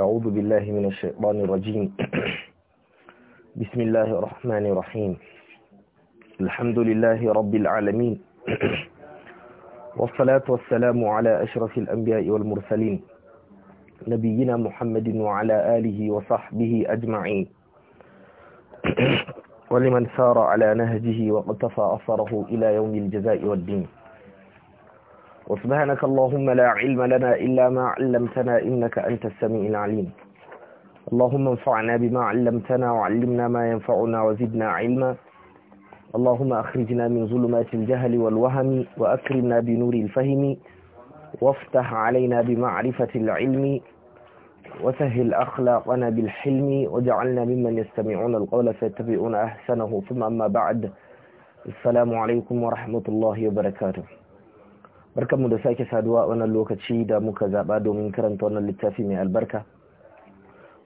أعوذ بالله من الشيطان الرجيم بسم الله الرحمن الرحيم الحمد لله رب العالمين والصلاة والسلام على أشرف الأنبياء والمرسلين نبينا محمد وعلى آله وصحبه أجمعين ولمن سار على نهجه واقتفى أثره إلى يوم الجزاء والدين وسبحانك اللهم لا علم لنا إلا ما علمتنا إنك أنت السميع العليم اللهم انفعنا بما علمتنا وعلمنا ما ينفعنا وزدنا علما اللهم أخرجنا من ظلمات الجهل والوهم وأكرمنا بنور الفهم وافتح علينا بمعرفة العلم وسهل أخلاقنا بالحلم وجعلنا ممن يستمعون القول فيتبعون أحسنه ثم أما بعد السلام عليكم ورحمة الله وبركاته barkanmu da sake saduwa a wannan lokaci da muka zaba domin karanta wannan littafi mai albarka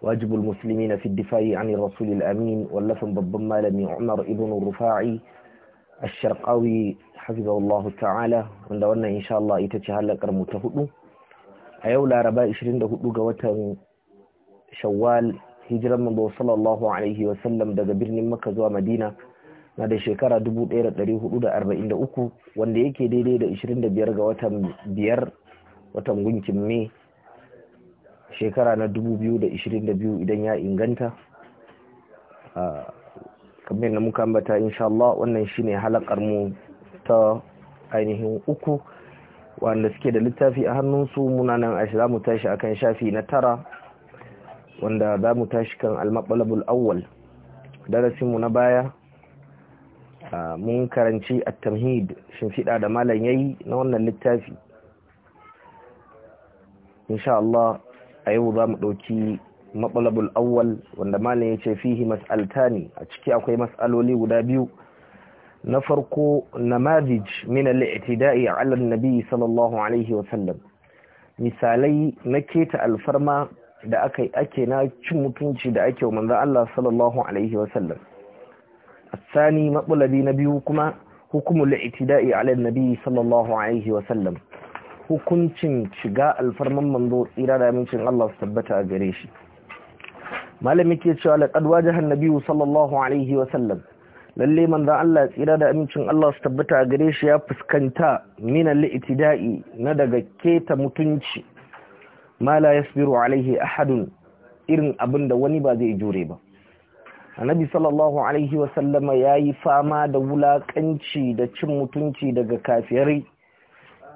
wajibul musulmi na fiddifai an rasulil amin wallafin babban malami umar ibn rufa'i a sharqawi hafizahullahu ta'ala wanda wannan insha Allah ita ce halakar mu ta hudu a yau laraba 24 ga watan shawwal hijiran manzo sallallahu alaihi wa sallam daga birnin makka zuwa madina na da shekara 1443 wanda yake daidai da 25 ga watan biyar watan gunkin mai shekara na 2022 idan ya inganta kamar na muka ambata insha Allah wannan shine halakar mu ta ainihin uku wanda suke da littafi a hannunsu muna nan a za mu tashi akan shafi na tara wanda za mu tashi kan almaɓalabul awwal darasinmu na baya mun karanci a tamhid shimfiɗa da malam yayi na wannan littafi insha Allah a yau za mu ɗauki matsalabul awwal wanda malam ya ce fihi mas'altani a ciki akwai mas'aloli guda biyu na farko namazij min al-i'tida'i 'ala an-nabi sallallahu alaihi wa sallam misalai na keta alfarma da ake na cin mutunci da ake wa manzon Allah sallallahu alaihi wa sallam الثاني مطلبي نبيكما حكم الاعتداء على النبي صلى الله عليه وسلم hukuncin shiga alfarman manzo tsira da amincin Allah su tabbata a malami ke cewa laqad wajaha an Lallai sallallahu alaihi wa Allah tsira da amincin Allah su tabbata a gare shi ya fuskanta mina al na daga keta mutunci ma la yasbiru alaihi ahadun irin abin da wani ba zai jure ba annabi sallallahu alaihi wasallama ya yi fama da wulaƙanci da cin mutunci daga kafirai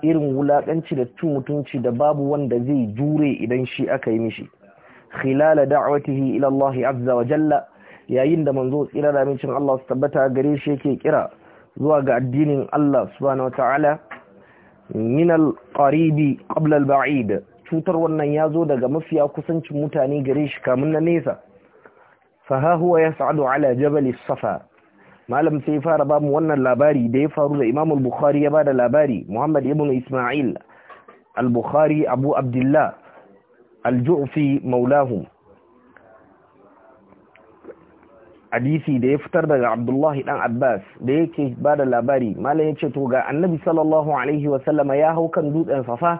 irin wulakanci da cin mutunci da babu wanda zai jure idan shi aka yi mishi khilala da'watihi ila Allah azza wa jalla yayin da manzo tsira da mincin Allah su tabbata gare shi yake kira zuwa ga addinin Allah subhanahu wa ta'ala min al-qaribi qabla al-ba'id cutar wannan yazo daga mafiya kusancin mutane gare shi kamun na nesa faha huwa yas'adu ala jabal safa malam sai fara ba mu wannan labari da ya faru da Imam al-Bukhari ya bada labari Muhammad ibn Isma'il al-Bukhari Abu Abdullah al-Ju'fi maulahum hadisi da ya fitar daga Abdullahi dan Abbas da yake bada labari malam ce to ga Annabi sallallahu alaihi wa sallama ya hau kan dutsen Safa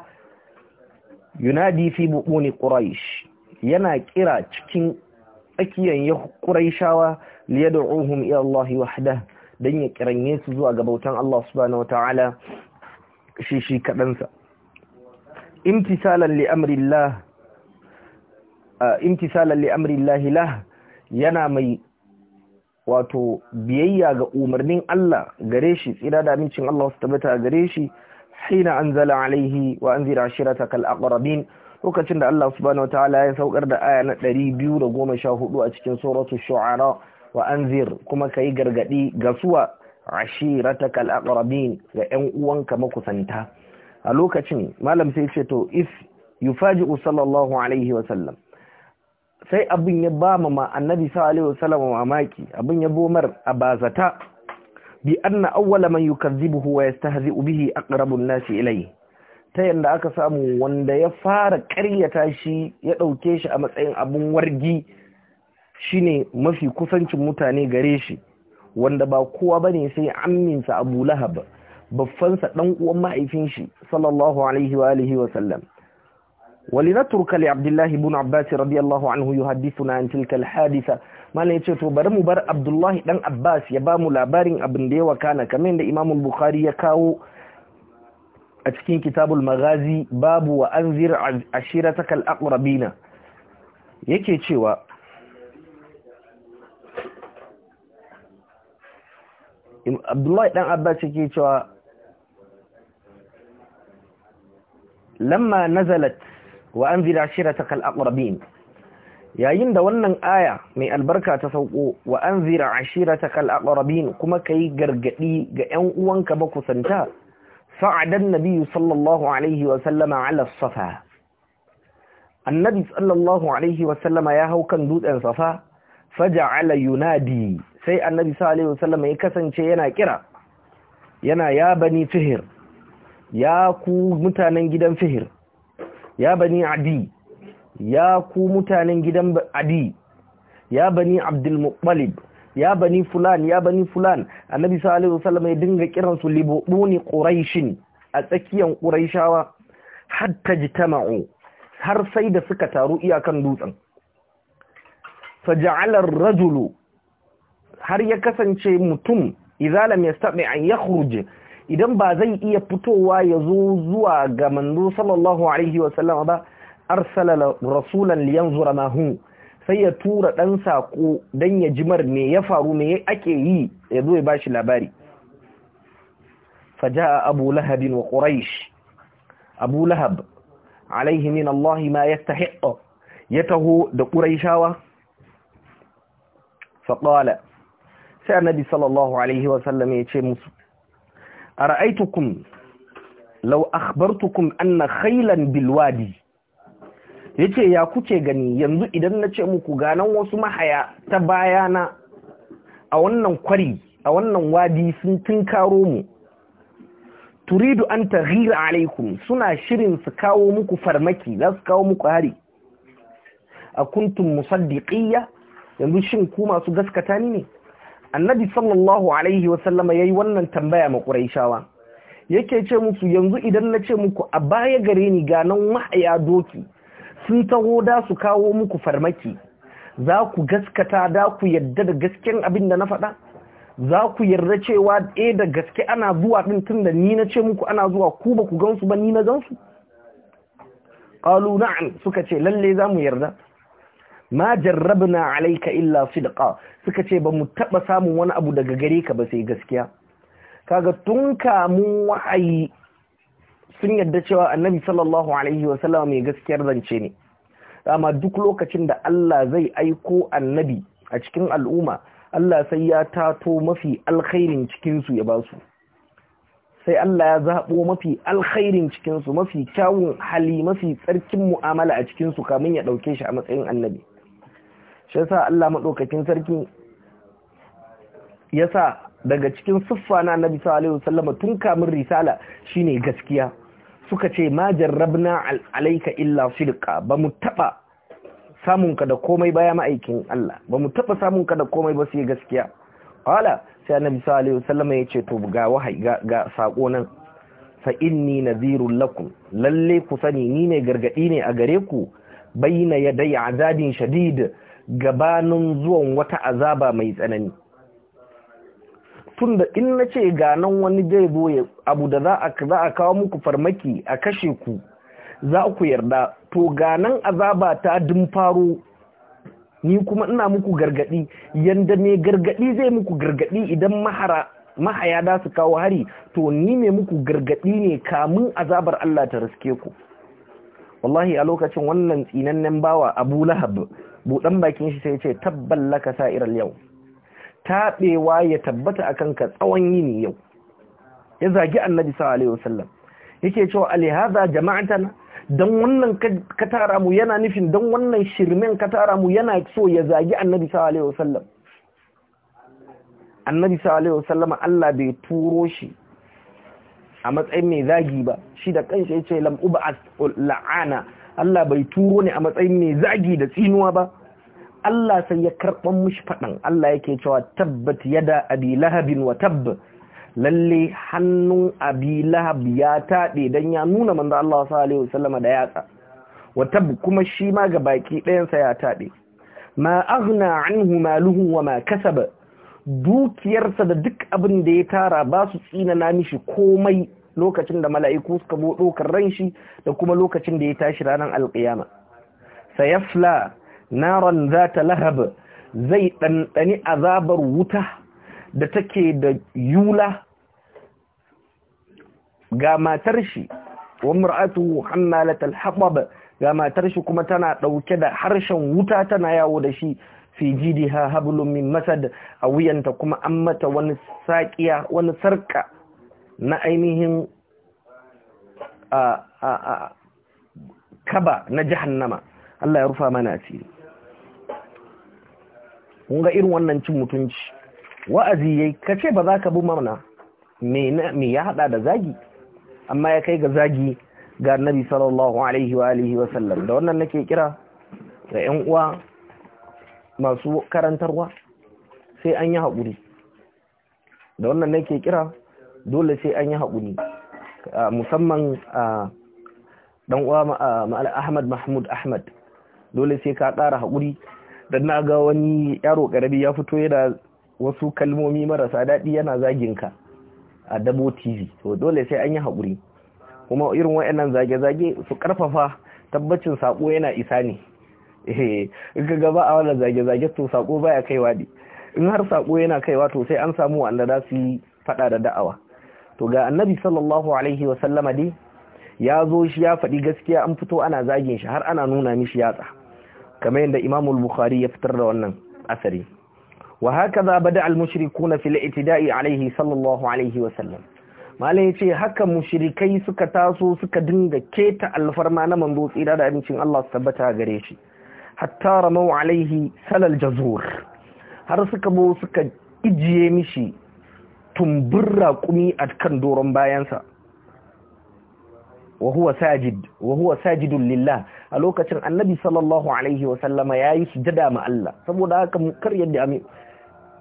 yunadi fi buquni Quraysh yana kira cikin tsakiyan ya da ruhun iya Allah wahda dan ya kiranye su zuwa ga bautan Allah subhanahu wataala shi shi kadan imtisalan li amrillah yana mai wato biyayya ga umarnin Allah gare shi tsira da amincin Allah su tabbata gare shi hina anzala alaihi wa anzira shirataka al lokacin da Allah subhanahu wataala ya saukar da aya na ɗari biyu da goma sha hudu a cikin suratu shu'ara wa anzir kuma ka yi gargaɗi ga suwa ashiratakal aqrabin ga ƴan uwanka makusanta a lokacin malam sai ce to if yufaji'u sallallahu alaihi wa sallam sai abin ya ba ma annabi sallallahu alaihi wa sallam mamaki abin ya bomar a bazata bi anna awwala man yukazzibuhu wa yastahzi'u bihi aqrabun nasi ilayhi ta yadda aka samu wanda ya fara karyata shi ya ɗauke shi a matsayin abin wargi shine mafi kusancin mutane gare shi wanda ba kowa ba ne sai amminsa abu lahab babbansa ɗan uwan ma'aifin shi sallallahu alaihi wa alihi wa sallam ولنترك لعبد abdullahi بن عباس radiyallahu anhu عنه يحدثنا عن تلك الحادثه malai ya ce to bari mu bar abdullahi dan abbas ya ba mu labarin abin da ya wakana kamar da imamul bukhari ya kawo a cikin kitabul magazi babu wa an zira anzir ashirataka al-aqrabina yake cewa Abdullahi dan Abbas yake cewa lamma nazalat wa an zira anzir ashirataka al-aqrabin yayin da wannan aya mai albarka ta sauko wa an zira anzir ashirataka al-aqrabin kuma ka yi gargadi ga 'yan uwanka kusanta. صعد النبي صلى الله a وسلم safa annabi النبي صلى الله عليه وسلم يا هو كان دود sai annabi sallallahu alaihi ya kasance yana kira yana ya bani fihir ya ku mutanen gidan fihir ya bani adi ya ku mutanen gidan adi ya bani abdul ya bani fulan ya bani fulan annabi sallallahu alaihi wasallam ya dinga kiran su libuni quraishin a tsakiyan quraishawa hatta jitama'u har sai da suka taru iyakan dutsen faja'ala ar-rajulu har ya kasance mutum idza lam yastati an yakhruj idan ba zai iya fitowa ya zo zuwa ga manzo sallallahu alaihi wasallam ba arsala rasulan liyanzura ma sai ya tura dan sako dan ya jimar me ya faru me ake yi ya zo ya bashi labari faja abu lahab wa quraish abu lahab alaihi min Allah ma yastahiq ya taho da fa qala sai annabi sallallahu alaihi wa sallam ya ce musu a ra'aitukum lau akhbartukum anna khailan bilwadi Ya ce ya kuke gani yanzu idan na ce muku ganan wasu mahaya ta bayana a wannan kwari a wannan wadi sun tunkaro mu turidu an taghira alaikum suna shirin su kawo muku farmaki za su kawo muku hari a kuntum musaddiqiyya yanzu shin ku masu gaskata ni ne annabi sallallahu alaihi wa sallama yayi wannan tambaya ma quraishawa yake ce musu yanzu idan na ce muku a baya gare ni ganan wahaya doki sun taho da su kawo muku farmaki za ku gaskata da ku yadda da gasken abin da na faɗa za ku yarda cewa e da gaske ana zuwa din tun da ni na ce muku ana zuwa ku ba ku gansu ba ni na gansu qalu na'am suka ce lalle za mu yarda ma jarrabna alayka illa sidqa suka ce ba mu taba samun wani abu daga gare ka ba sai gaskiya kaga tun kamu wa'ayi sun yadda cewa annabi sallallahu alaihi sallama mai gaskiyar zance ne amma duk lokacin da Allah zai aiko annabi a cikin al'umma Allah sai ya tato mafi alkhairin cikin su ya basu sai Allah ya zabo mafi alkhairin cikin su mafi kyawun hali mafi tsarkin mu'amala a cikin su kamin ya dauke shi a matsayin annabi shi yasa Allah madaukakin sarki yasa daga cikin siffa na annabi sallallahu alaihi wasallam tun kamin risala shine gaskiya suka ce ma jarrabna alaika illa sidqa ba mu taba samun ka da komai baya ma'aikin Allah ba mu taba samun ka da komai ba sai gaskiya wala sai annabi sallallahu alaihi wasallam ya ce to ga wahayi ga sako nan fa inni nadhirul lakum lalle ku sani ni ne gargadi ne a gare ku bayna yaday azabin shadid gabanin zuwan wata azaba mai tsanani tunda in na ce ga nan wani zai zo ya abu da za a kawo muku farmaki a kashe ku za ku yarda to ga nan azaba ta dun faro ni kuma ina muku gargadi yanda mai gargadi zai muku gargadi idan mahara mahaya da su kawo hari to ni mai muku gargadi ne kamun azabar Allah ta raske ku wallahi a lokacin wannan tsinannen bawa Abu Lahab budan bakin shi sai ya ce tabballaka sa'iral yau taɓewa ya tabbata a kanka tsawon yini yau ya zagi annabi sa alaihi wasallam yake cewa alihaza jama'atana don wannan ka tara mu yana nufin dan wannan shirmen ka tara mu yana so ya zagi annabi sa alaihi wasallam annabi sa alaihi wasallam Allah bai turo shi a matsayin mai zagi ba shi da kanshi yace lam ub'as la'ana Allah bai turo ni a matsayin mai zagi da tsinuwa ba Allah sai ya karɓan mishi faɗan Allah yake cewa tabbat yada abi lahabin wa tabb lalle hannun abi ya taɗe don ya nuna manzo Allah sallallahu alaihi da yatsa wa tabb kuma shi ma ga baki sa ya taɗe ma aghna anhu maluhu wa ma kasab dukiyarsa da duk abin da ya tara ba su na mishi komai lokacin da mala'iku suka bo ɗaukar ran shi da kuma lokacin da ya tashi ranar alƙiyama sayafla naran za ta lahab zai ɗanɗani azabar wuta da take da yula ga matar shi wa mur'atu hammalat al ga matar shi kuma tana dauke da harshen wuta tana yawo da shi fi jidiha hablum min masad a wuyanta kuma an mata wani saƙiya wani sarka na ainihin a a a kaba na jahannama Allah ya rufa mana asiri Kunga ga irin wannan cin mutunci wa'azi yayi kace ba za ka bi mamna me ya hada da zagi amma ya kai ga zagi ga annabi sallallahu alaihi wa alihi wa sallam da wannan nake kira ga ƴan uwa masu karantarwa sai an yi haƙuri da wannan nake kira dole sai an yi haƙuri musamman dan uwa Ahmad Mahmud Ahmad dole sai ka ƙara haƙuri dan na ga wani yaro karabi ya fito yana wasu kalmomi marasa daɗi yana zagin ka a dabo tv to dole sai an yi haƙuri kuma irin wa'annan zage-zage su ƙarfafa tabbacin saƙo yana isa ne eh, in ka gaba a wannan zage-zage to saƙo baya kaiwa ne in har saƙo yana kaiwa to sai an samu wanda za su yi faɗa da da'awa to ga annabi sallallahu alaihi wa sallama dai ya zo shi ya faɗi gaskiya an fito ana zagin shi har ana nuna mishi yatsa kamar yadda Imam al-Bukhari ya fitar da wannan asari wa hakaza bada al-mushrikuna fila i'tida'i alayhi sallallahu alayhi wa sallam malai yace haka mushirikai suka taso suka dinga keta alfarma na manzo tsira da abincin Allah su tabbata gare shi hatta ramau alayhi salal jazur har suka bo suka ijiye mishi tumbur kumi a kan doron bayansa wa huwa sajid wa huwa sajidun lillah a lokacin annabi sallallahu alaihi wasallama ya yi sujada ma Allah saboda haka kar yadda ami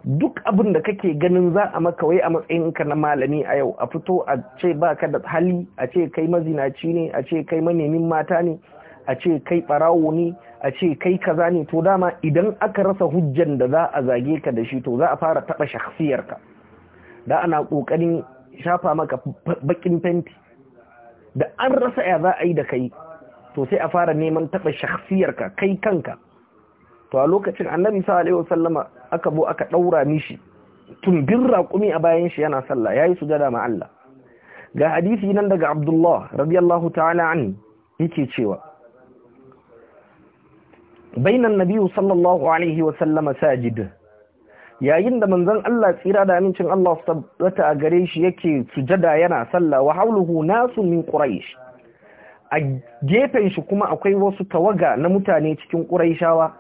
duk abin da kake ganin za a maka wai a matsayin ka na malami a yau a fito a ce baka da hali a ce kai mazinaci ne a ce kai manemin mata ne a ce kai barawo ne a ce kai kaza ne to dama idan aka rasa hujjan da za a zage ka da shi to za a fara taba shakhsiyarka da ana kokarin shafa maka bakin fenti da an rasa ya za a yi da kai to sai a fara neman taba shakhsiyarka kai kanka to a lokacin annabi sallallahu alaihi wasallama aka bo aka daura mishi tumbin raƙumi a bayan shi yana sallah yayi sujada ma Allah ga hadisi nan daga Abdullah radiyallahu ta'ala an yake cewa bainan Nabiyu sallallahu alaihi wasallama sajid yayin da manzon Allah tsira da amincin Allah tabbata a gare shi yake sujada yana sallah wa hauluhu nasu min quraish a gefen shi kuma akwai wasu tawaga na mutane cikin ƙuraishawa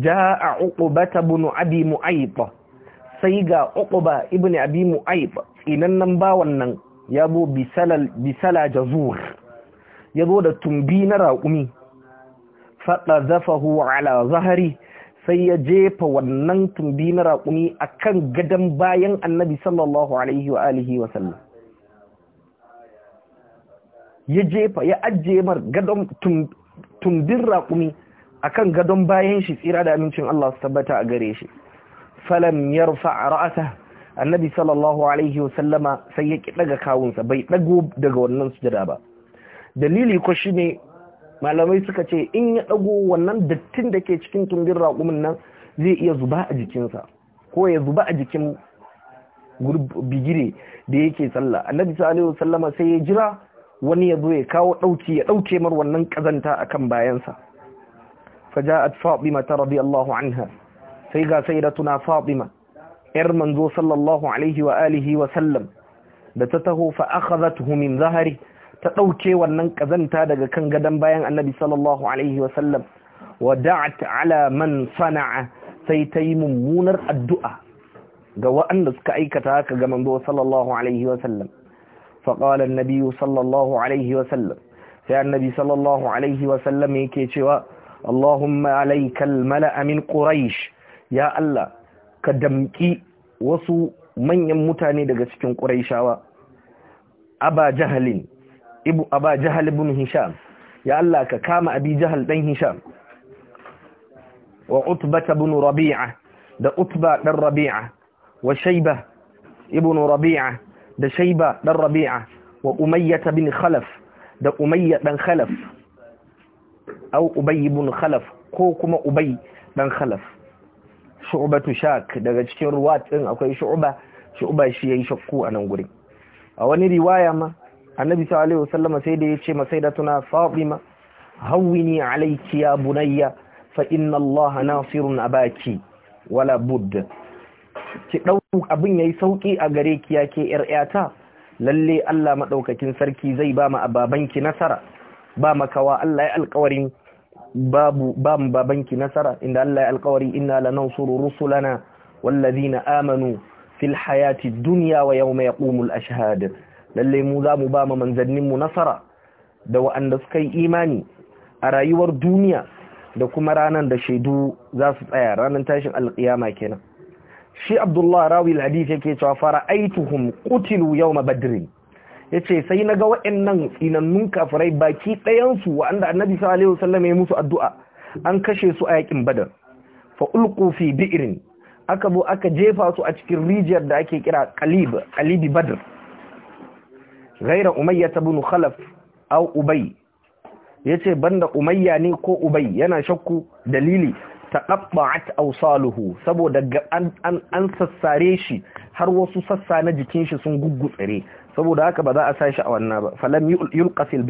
ja'a uqbata ibn abi mu'ayb sai ga uqba ibn abi mu'ayb tsinannan bawan nan yabo bisalal bisala jazur zo da tumbi na raƙumi faɗa zafahu ala zahari sai ya jefa wannan tumbi na raƙumi a kan gadon bayan annabi sallallahu alaihi wa wa sallam ya jefa ya ajiye mar gadon tumbin raƙumi akan gadon bayan shi tsira da amincin Allah su tabbata a gare shi falam a ra'asa annabi sallallahu alaihi wasallama sai ya daga kawunsa bai dago daga wannan sujada ba dalili ko ne malamai suka ce in ya dago wannan dattin da ke cikin tumbin raƙumin nan zai iya zuba a jikinsa ko ya zuba a jikin bigire da yake sallah annabi sallallahu alaihi wasallama sai ya jira wani ya zo ya kawo ɗauki ya ɗauke mar wannan ƙazanta a kan bayansa faja'at fatima ta radiyallahu anha sai ga sai da tuna fatima yar manzo sallallahu alaihi wa alihi wa sallam da ta taho fa akhadhathu min zahari ta ɗauke wannan ƙazanta daga kan gadon bayan annabi sallallahu alaihi wa sallam wa da'at ala man sana'a sai ta yi mummunar addu'a ga waɗanda suka aikata haka ga manzo sallallahu alaihi wa sallam فقال النبي صلى الله عليه وسلم sai annabi sallallahu alaihi wasallam yake cewa Allahumma alaikal mala'a min ya Allah ka damki wasu manyan mutane daga cikin quraishawa aba jahalin ibu aba jahal ibn ya Allah ka kama abi jahal dan hisha wa utba bin rabi'a da utba dan rabi'a wa shaiba ibn rabi'a da shaiba dan rabi'a wa umayyata bin khalaf da umayya dan khalaf au ubay bin khalaf ko kuma ubay dan khalaf shu'batu shak daga cikin ruwat din akwai shu'ba shu'ba shi yayi shakku a nan gurin a wani riwaya ma annabi sallallahu alaihi wasallam sai da yace masaidatuna fatima hawwini alayki ya bunayya fa inna allaha nasirun abaki wala budd ki abin ya yi sauƙi a gare ki yake yaryata lalle Allah maɗaukakin sarki zai ba mu ababanki nasara ba makawa Allah ya alƙawarin ba mu babanki nasara inda Allah ya alƙawari inna suru rusulana wallazina amanu fil hayati duniya wa yau ƙumul a shahadar. lalle mu za mu ba mu manzanninmu nasara da wa'anda suka yi imani a rayuwar duniya da kuma ranar da shaidu za su tsaya ranar tashin alƙiyama kenan shi abdullahi rawi hadith yake cewa fara'aituhum qutilu yawm badr yace sai naga wa'annan tsinannun kafirai baki ɗayansu wanda annabi sallallahu alaihi wasallam yayi musu addu'a an kashe su a yakin badr fa ulqu fi bi'rin aka bu aka jefa su a cikin rijiyar da ake kira qalib qalibi badr ghayra umayya ibn khalaf aw ubay yace banda umayya ne ko ubay yana shakku dalili taqatta'at awsaluhu saboda an an sassare shi har wasu sassa na jikin shi sun guggutsare saboda haka ba za a sashi a wannan ba falam yulqa fil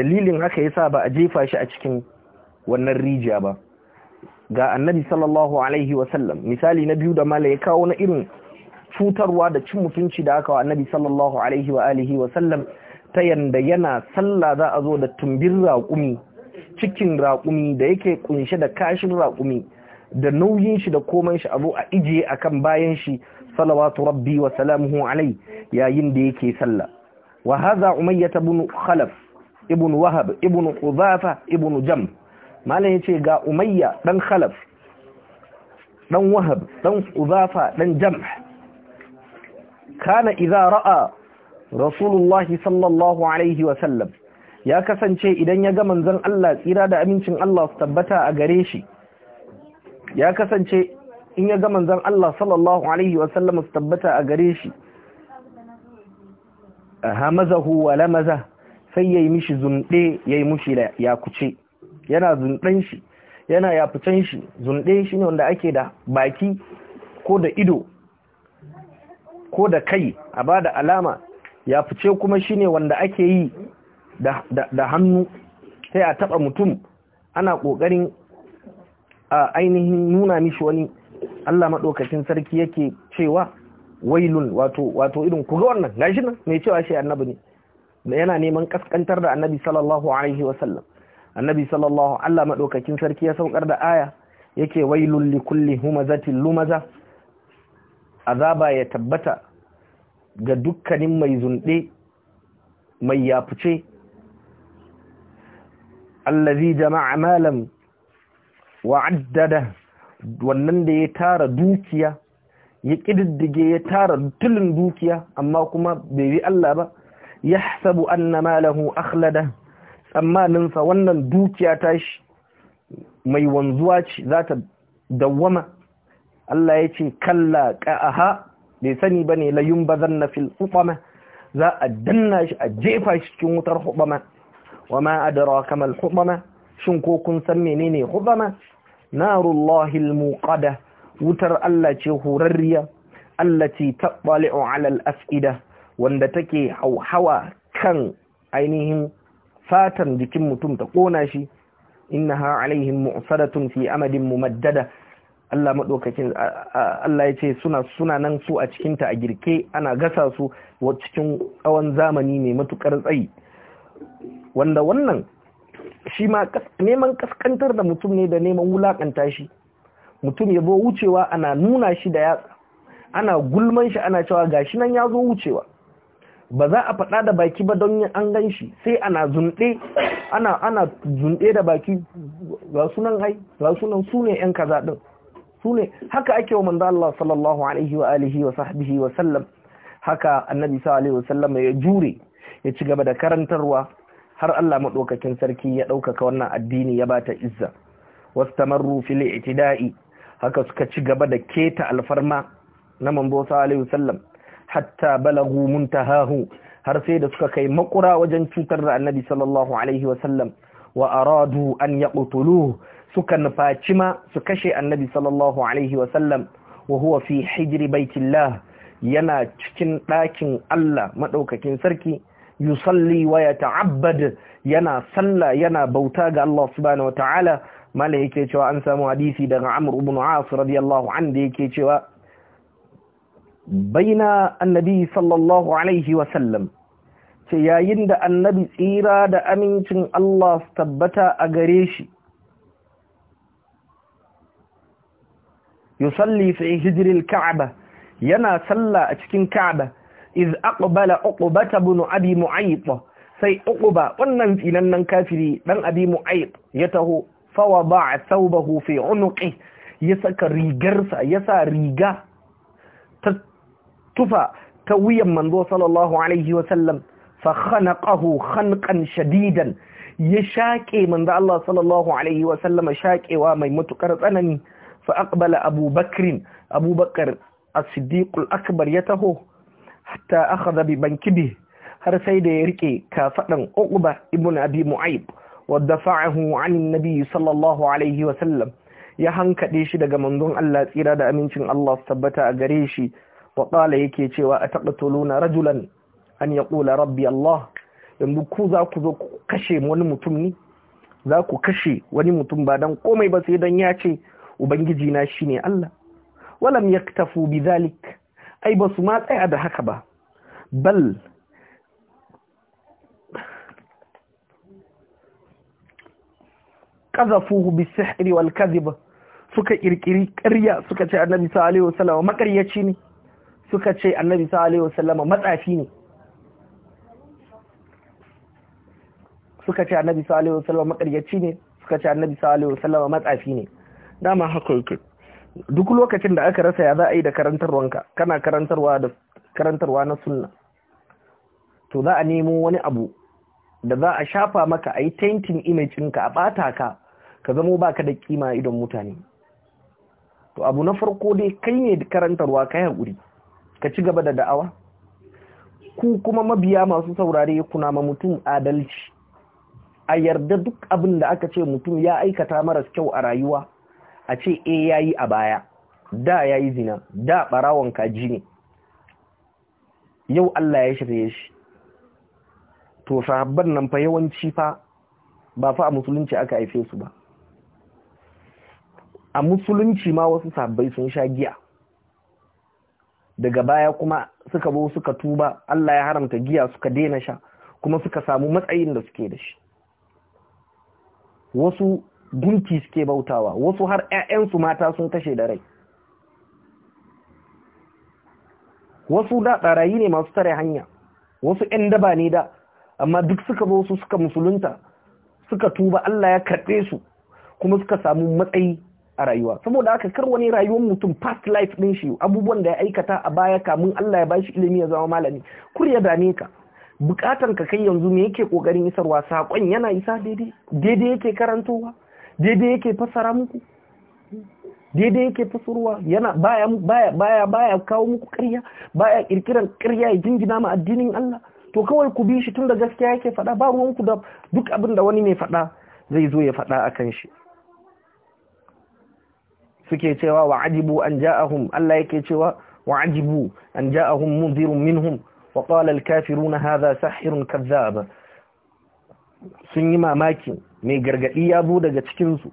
dalilin haka ya sa ba a jefa shi a cikin wannan rijiya ba ga annabi sallallahu alaihi wasallam misali na biyu da mala ya kawo na irin cutarwa da cin mutunci da haka wa annabi sallallahu alaihi wa alihi wasallam ta yanda yana sallah za a zo da tumbin raƙumi cikin raƙumi da yake kunshe da kashin raƙumi da nauyin shi da komai shi abu a ijiye akan bayan shi salawatu rabbi wa salamuhu alai yayin da yake sallah wa hadha umayyah ibn khalaf ibn wahab ibn qudafa ibn jam malan yace ga umayya dan khalaf dan wahab dan qudafa dan jam kana idza ra'a rasulullahi sallallahu alaihi wa sallam ya kasance idan ya ga manzon Allah tsira da amincin Allah su tabbata a gare shi ya kasance in ya ga manzon Allah sallallahu alaihi wa sallam su tabbata a gare shi hamazahu wa lamaza sai yayi mishi zunde yayi mushi ya kuce yana zundan shi yana yafucen shi zunde shi ne wanda ake da baki ko da ido ko da kai a bada alama ya fice kuma shine wanda ake yi da hannu sai a taba mutum ana kokarin a ainihin nuna mishi wani Allah madaukakin sarki yake cewa wailun wato wato irin ku ga wannan gashi nan mai cewa shi annabi ne yana neman kaskantar da annabi sallallahu alaihi wasallam annabi sallallahu Allah madaukakin sarki ya saukar da aya yake wailul likulli humazatin lumaza azaba ya tabbata ga dukkanin mai zunde mai yafuce allazi jama'a malam wa addada wannan da ya tara dukiya ya kididdige ya tara tulin dukiya amma kuma bai bi Allah ba yahsabu anna malahu akhlada sa wannan dukiya ta shi mai wanzuwa ce za ta dawwama Allah ya ce kalla qaha bai sani bane la yumbazanna fil hutama za a danna shi a jefa shi cikin wutar hubama wa ma adraka mal hutama shin ko kun san menene hutama narullahi almuqada wutar Allah ce horarriya allati tattali'u 'ala al-af'ida wanda take hauhawa kan ainihin fatan jikin mutum ta ƙona shi Inna innaha 'alaihim mu'sadatun fi amadin mumaddada Allah madaukakin Allah yace suna suna nan su a cikinta a girke ana gasa su cikin tsawon zamani mai matukar tsayi wanda wannan shi ma neman kaskantar da mutum ne da neman wulakanta shi mutum ya zo wucewa ana nuna shi da yatsa ana gulman shi ana cewa gashi nan ya zo wucewa ba za a faɗa da baki ba don yin an gan shi sai ana zunɗe ana ana zunɗe da baki ga sunan ai ga sunan su ne yan kaza ɗin su ne haka ake wa manzo Allah sallallahu alaihi wa alihi wa sahbihi wa sallam haka annabi sallallahu alaihi wa sallam ya jure ya ci gaba da karantarwa har Allah maɗaukakin sarki ya ɗaukaka wannan addini ya ba ta izza Wasu tamarru fil i'tida'i haka suka ci gaba da keta alfarma na manzo sallallahu Sallam, hatta balagu muntahahu har sai da suka kai makura wajen cutar da annabi sallallahu alaihi wasallam wa aradu an yaqtuluhu suka nufaci ma su kashe annabi sallallahu alaihi wasallam wa huwa fi hijri baitillah yana cikin ɗakin Allah maɗaukakin sarki yusalli wa yata'abbad yana sallah yana bauta ga Allah subhanahu wataala mala yake cewa an samu hadisi daga Amr ibn As radiyallahu anhu da yake cewa baina annabi sallallahu alaihi wa sallam ce yayin da annabi tsira da amincin Allah tabbata a gare shi yusalli fi hijril ka'aba yana salla a cikin ka'aba iz aqbala uqbata ibn abi mu'ayth sai uqba wannan tsinannan kafiri dan abi mu'ayth ya taho fa wada thawbahu fi unuqi ya saka rigarsa ya sa riga ta tufa ta wuyan manzo sallallahu alaihi wa sallam fa khanaqahu khanqan shadidan ya shaƙe manzo Allah sallallahu alaihi wa sallam shaƙewa mai matukar tsanani fa aqbala abubakrin abubakar as-siddiq al-akbar ya taho hatta akhadha bi har sai da ya rike kafadan Uqba ibn Abi Mu'ayb wa dafa'ahu 'an an-nabi sallallahu alaihi wa sallam ya hankaɗe shi daga manzon Allah tsira da amincin Allah tabbata a gare shi wa qala yake cewa a taɓa ataqtuluna rajulan an yaqula rabbi Allah yanzu ku za ku zo ku kashe wani mutum ne za ku kashe wani mutum ba dan komai ba sai dan ya ce ubangiji na shine Allah walam yaktafu zalik ai ba su ma tsaya da haka ba bal bi bisihri wal kadhib suka kirkiri ƙarya suka ce annabi sallallahu alaihi wasallam makaryaci ne suka ce annabi sallallahu alaihi wasallam matsafi ne suka ce annabi sallallahu alaihi wasallam makaryaci ne suka ce annabi sallallahu alaihi wasallam matsafi ne dama haka yake duk lokacin da aka rasa ya za a yi da karantarwanka kana karantarwa da karantarwa na sunna to za a nemo wani abu da za a shafa maka a yi tainting image ɗinka a bata ka ka zamo baka da kima idon mutane to abu na farko dai kai ne karantarwa ka yi haƙuri ka ci gaba da da'awa ku kuma mabiya masu saurare kuna ma mutum adalci a yarda duk abin da aka ce mutum ya aikata maras kyau a rayuwa a ce e eh yi a baya da ya yi zina da barawon kaji ne yau Allah ya shirye shi to sahabban nan fa yawanci fa ba fa a musulunci aka haife su ba a musulunci ma wasu sahabbai sun sha giya daga baya kuma suka bo suka tuba Allah ya haramta giya suka daina sha kuma suka samu matsayin da suke da shi wasu gunki suke bautawa wasu har 'ya'yansu mata sun kashe da rai wasu da ɓarayi ne masu tare hanya wasu 'yan daba ne da amma duk suka zo su suka musulunta suka tuba Allah ya karɓe su kuma suka samu matsayi a rayuwa saboda haka kar wani rayuwar mutum past life din shi abubuwan da ya aikata a baya kamun Allah ya bashi ilimi ya zama malami kur ya dame ka bukatan ka kai yanzu me yake kokarin isarwa sakon yana isa daidai daidai yake karantowa daidai yake fasara muku daidai yake fasurwa yana baya baya baya baya kawo muku ƙarya baya kirkiran ƙarya ya jingina ma addinin Allah to kawai ku bi shi tun da gaskiya yake faɗa ba ruwan ku da duk abin da wani mai faɗa zai zo ya faɗa akan shi suke cewa wa ajibu an ja'ahum Allah yake cewa wa ajibu an ja'ahum mudhirun minhum wa qala al-kafiruna hadha sahirun kadhdhab sun yi mamakin. mai gargadi ya zo daga cikinsu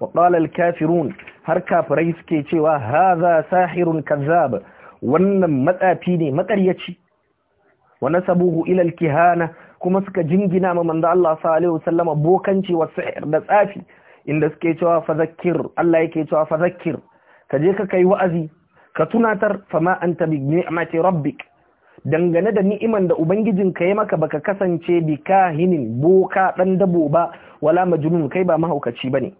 wa ƙalal kafirun har kafirai suke cewa haza sahirun kazzab wannan matsafi ne makaryaci wa nasabuhu ilal kihana kuma suka jingina ma manzo Allah sallallahu alaihi wasallama bokanci wa sihir da tsafi inda suke cewa fadhakkir Allah yake cewa fadhakkir ka je ka kai wa'azi ka tunatar fama anta bi ni'mati dangane da ni'iman da Ubangijin ka yi maka baka kasance bikahinin boka dan dabo ba wala majnun kai ba mahaukaci bane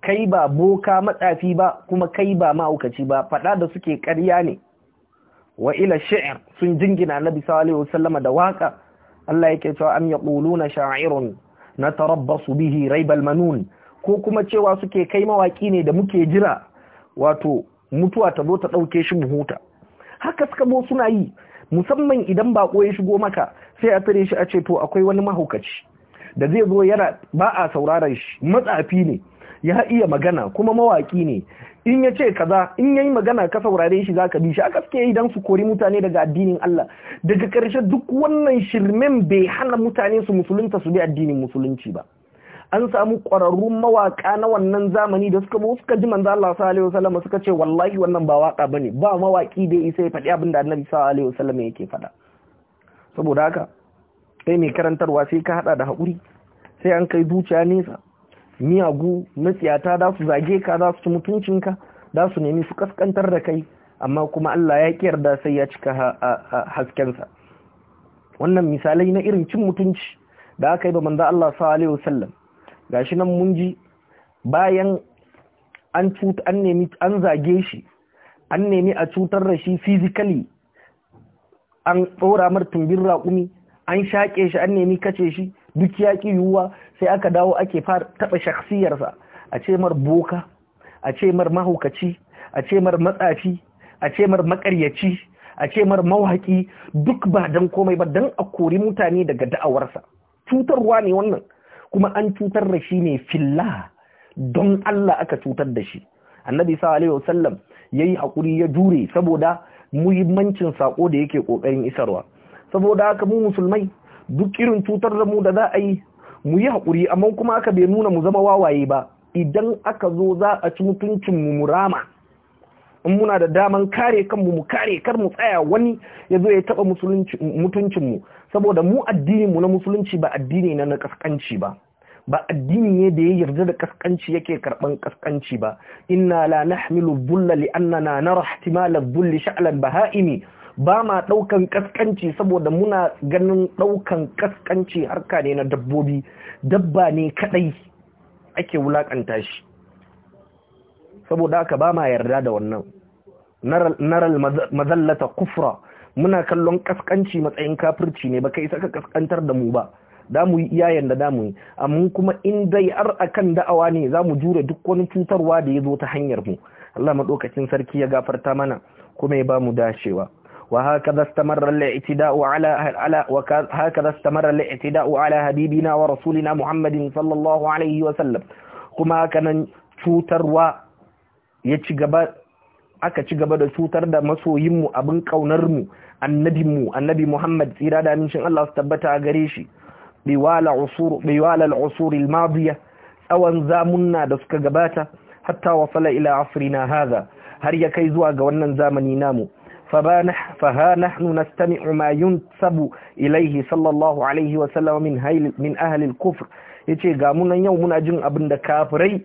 kai ba boka matsafi ba kuma kai ba mahaukaci ba fada da suke ƙarya ne wa ila shi'r sun jingina nabi sallallahu alaihi wasallama da waka Allah yake cewa am yaquluna sha'irun natarabbasu bihi raibal manun ko kuma cewa suke kai mawaki ne da muke jira wato mutuwa ta zo ta dauke shi mu huta haka suka bo suna yi musamman idan bako ya shigo maka sai a tare shi a ce to akwai wani mahaukaci da zai zo yana ba a sauraron shi matsafi ne ya iya magana kuma mawaki ne in ya ce kaza in yayi magana ka saurare shi zaka bi shi aka suke idan su kori mutane daga addinin Allah daga karshe duk wannan shirmen bai hana mutane su musulunta su bi addinin musulunci ba an samu ƙwararrun mawaƙa na wannan zamani da suka suka ji manzo Allah sallallahu alaihi wasallam suka ce wallahi wannan ba waka bane ba mawaki da isa ya faɗi abin da Annabi sallallahu alaihi wasallam yake faɗa saboda haka kai mai karantarwa sai ka hada da haƙuri sai an kai zuciya nesa miyagu matsiyata za su zage ka za su ci mutuncinka za su nemi su kaskantar da kai amma kuma Allah ya ki yarda sai ya cika haskensa wannan misalai na irin cin mutunci da aka yi ba manzo Allah sallallahu alaihi wasallam gashi nan mun ji bayan an cuta an nemi an zage shi an nemi a cutar da shi physically an tsora mar tumbin raƙumi an shaƙe shi an nemi kace shi duk ya ƙi yiwuwa sai aka dawo ake fara taɓa shaksiyarsa a ce mar boka a ce mar mahaukaci a ce mar matsafi a ce mar makaryaci a ce mar mawaƙi duk ba don komai ba don a kori mutane daga da'awarsa cutarwa ne wannan kuma an cutar da shi ne filla don Allah aka cutar da shi annabi sallallahu alaihi ya yi hakuri ya jure saboda muhimmancin saƙo da yake ƙoƙarin isarwa saboda haka mu musulmai duk irin cutar da mu da za a yi mu yi hakuri amma kuma aka bai nuna mu zama wawaye ba idan aka zo za a ci mutuncin mu murama in muna da daman kare kanmu mu kare kar mu tsaya wani ya zo ya taba mutuncinmu saboda mu mu na musulunci ba addini na na kaskanci ba ba addini ne da ya yarda da kaskanci yake karban kaskanci ba inna la nahmilu dhulla li annana nara ihtimala dhulli sha'lan baha'imi ba ma daukan kaskanci saboda muna ganin daukan kaskanci harka ne na dabbobi dabba ne kadai ake wulakanta shi saboda haka ba ma yarda da wannan naral mazallata kufra muna kallon kaskanci matsayin kafirci ne baka isa ka kaskantar da mu ba damu yi iyayen da damu yi amma kuma in dai har akan da'awa ne zamu jure duk wani cutarwa da ya zo ta hanyar mu Allah madaukakin sarki ya gafarta mana kuma ya ba mu dacewa وهكذا استمر الاعتداء على على وهكذا استمر الاعتداء Habibina wa Rasulina Muhammadin Sallallahu الله عليه وسلم كما كان cutarwa ya ci gaba aka ci gaba da cutar da masoyinmu abin ƙaunarmu annabinmu annabi muhammad tsira da amincin allah su tabbata a gare shi biwala al'usur al-madiya tsawon zamunna da suka gabata hatta wasala ila asrina haza har ya kai zuwa ga wannan zamani namu فها نحن نستمع ما ينسب إليه صلى min عليه وسلم من, yace ga munan yau muna jin جن da كافري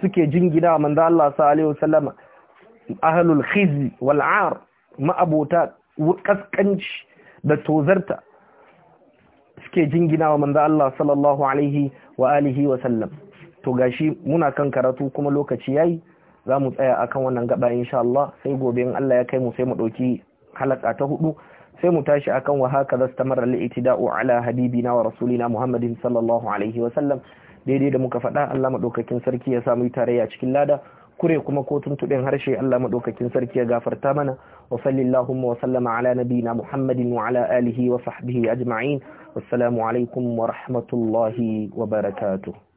suke jingina manzo Allah sallallahu alaihi wasallam ahlul khizi wal ma'abota kaskanci da tozarta suke jingina wa manzo Allah sallallahu alaihi wa alihi wa sallam to gashi muna kan karatu kuma lokaci yayi mu tsaya akan wannan gaba insha Allah sai gobe in Allah ya kai mu sai mu ɗauki halaka ta hudu sai mu tashi akan wa haka zastamar al-itida'u ala habibina wa rasulina Muhammadin sallallahu alaihi wa daidai da muka faɗa Allah maɗaukakin sarki ya samu tarayya cikin lada kure kuma ko tuntuɓin harshe Allah maɗaukakin sarki ya gafarta mana wa sallallahu wa sallama ala nabina Muhammadin wa ala alihi wa sahbihi ajma'in wassalamu alaikum wa rahmatullahi wa barakatuh